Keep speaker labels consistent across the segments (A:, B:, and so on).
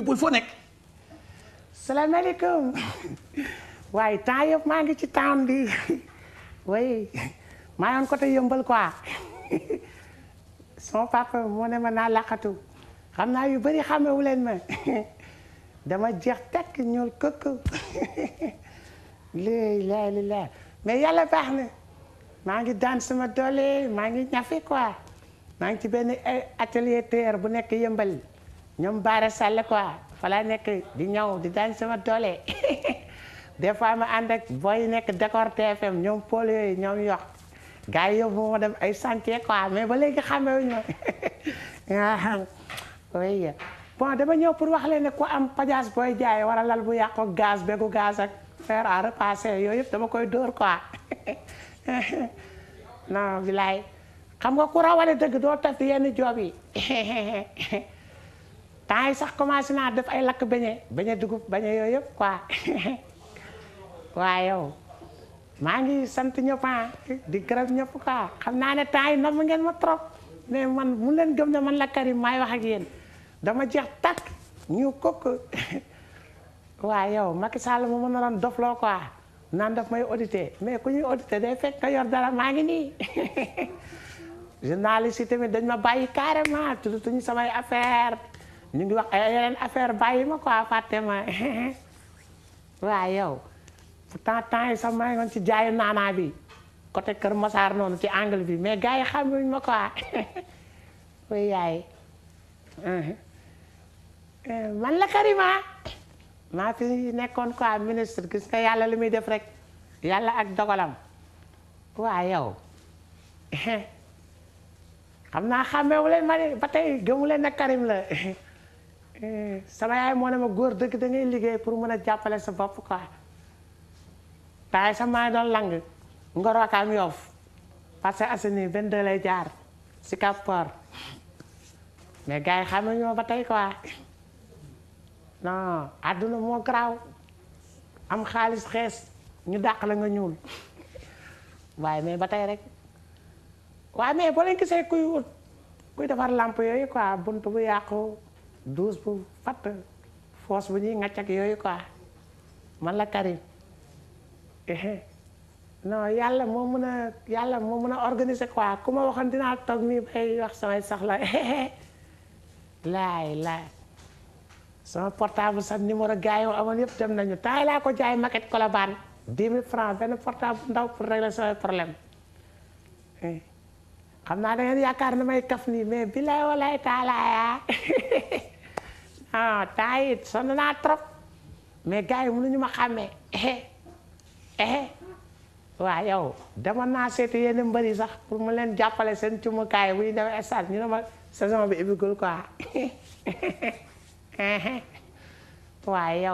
A: people foo nekk. salaamaaleykum waaye temps yëpp maa ngi ci town bi way maa yoon côté yëmbal quoi son papa moo ne ma naa laqatu xam naa yu bëri xamewu leen ma dama jeex tekk ñuul këkk léegi laay li mais yàlla baax na maa ngi daan sama doole maa ngi ñafe quoi maa ngi ci benn eh, atelier terre bu nekk yëmbal ñoom Baara Sall quoi fa laa nekk di ñaw di daan sama doole des fois ma ànd ak booy nekk Décor TFM ñoom Paul yooyu ñoom yox gars yi yóbbu ma dem ay chantier quoi mais ba léegi xamewuñu ma oui bon dama ñëw pour wax leen ne ku am pajaas booy jaay war a lal bu yàqu gaz bégu gaz ak fer à repasser yooyu yëpp dama koy dóor quoi non bilaay xam nga ku rawale dëgg doo taf yenn job yi temps yi sax commencé naa def ay lakk beñe beñe dugub beñe yooyu yëpp quoi waaw yow maa ngi sant ñëpp ah, di gërëm ñëpp quoi xam naa ne temps yi ma ngeen ma trop mais man mu leen gëm ne man la Karim maay wax a yéen dama jeex takk ñu kokk waaw yow Macky Sall mu mën na doon dofloo quoi naan daf may audité mais ku ñuy audité day fekk nga yor dara maa ngi nii journaliste yi tamit dañ ma bàyyi carrément tuddutuñu samay affaire ñu ngi wax ay eh, yeneen affaire bàyyi ma quoi fàtte ma waaye yow pourtant temps yi sax maa ngi woon ci jaayu naanaa bi côté Kër Massar noonu ci angle bi mais gars yi xamuñ ma uh-huh. eh, man la Karima nekkoon quoi ministre yàlla li muy def rek yàlla ak dogalam waa yow xam naa xàmmeewu leen ma ne ba tey gëmu leen na Karim la Eh, sama yaay moo ne ma góor dëgg da ngay liggéey pour mën a jàppale sa bopp quoi waaye sa maa doon lang ngoro yoof parce que asini benn da lay jaar si Kapor mais gars yi xam ñoo ba tey quoi non àdduna moo garaaw am xaalis xees ñu dàq la nga ñuul waaye mais ba tey rek waaye mais boo leen gisee kuy wut kuy defar làmp yooyu quoi bunt bu yàqu douze bu fatt foos bu ñuy ŋàcc ak yooyu quoi man la Karim non yàlla moo mën a yàlla moo mën a organiser quoi ku ma waxoon dinaa toog nii bay wax samay soxla laay laay sama portable sax numéro gars yi ma amoon yëpp dem nañu temps laa ko jaay maquette Colobane dix mille benn portable ndaw pour régler samay problème eh. xam naa da yaakaar na may kaf nii mais bilaay walaay taalaaya ah. ah temps it sonn naa trop mais gars yi mënuñu ma xàmmee ehe ehe waaw yow dama naa seeti yenn mbër yi sax pour mu leen jàppale seen cumukaay bu ñu demee ma saison bi ibigul quoi eh, eh. waaye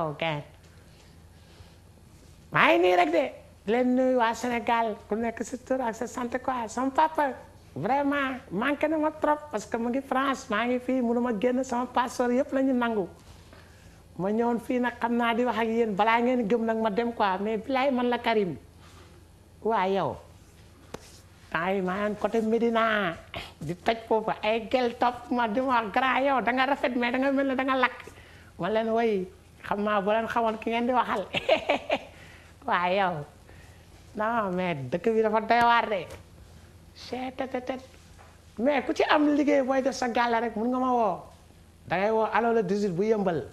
A: ngi nii rek de leen nuyu Sénégal ku nekk sa tur ak sa sant quoi sama papa vraiment manqué na ma trop parce que mu ngi France maa ngi fii mënu ma génn sama passeport yëpp la ñu nangu ma ñëwoon fii nag xam naa di wax ak yéen balaa ngeen gëm nag ma dem quoi mais bilaay man la Karim waa yow ay maa côté Médina di toj ay gel topp ma di ma wax yow da rafet mais da nga mel ne da nga lakk ma leen xam naa bu leen xamoon ki ngeen di waxal waa yow dëkk bi dafa doy de seetetetet mais ku ci am liggéey booy def sa gàlla rek mun nga ma woo da ngay woo allo le 18 bu yëmbal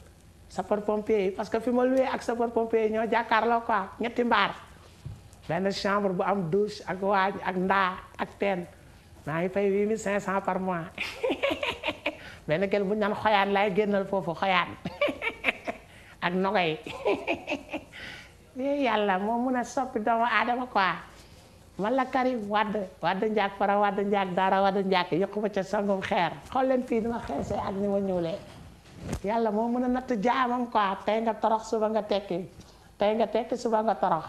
A: sapeur pompier yi parce que fi ma luwee ak sapeur pompier yi ñoo jàkkaarloo quoi ñetti mbaar benn chambre bu am douche ak waañ ak ndaa ak teen maa ngi fay 8500 par mois benn kel bu ñu naan xoyaan laay génnal foofu xoyaan ak nogoy yàlla moo mun a soppi doomu aadama quoi wala Karim Wade Wade Ndiak Fara Wade Ndiak Daara Wade Ndiak yokku ma ca sangum xeer xool leen fii dama xeesee ak ni ma ñuulee yàlla moo mën a natt jaamam quoi tey nga torox suba nga tekki tey nga tekki suba nga torox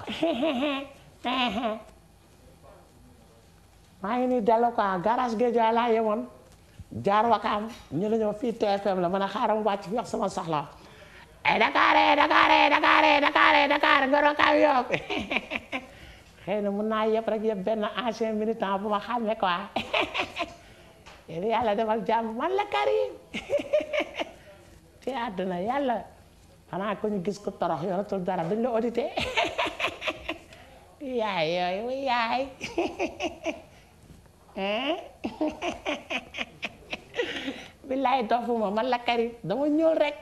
A: maa ngi nii dellu quoi garage Géejawaay laa yemoon jaar wakaam ñu ne ñoo fii TFM la man a xaaram wàcc fi wax sama soxla ay eh, Dakar eh, Dakar eh, Dakar Dakar nga rokaam yokk xëy na mun naa yëpp rek yëpp benn ancien militant bu ma xàmme quoi yéen yàlla defal jàmm man la Karim ci àdduna yàlla xanaa ko ñu gis ko torox yoratul dara duñ la audité yaay yooyu yaay billaay dofuma man la Karim dama ñëw rek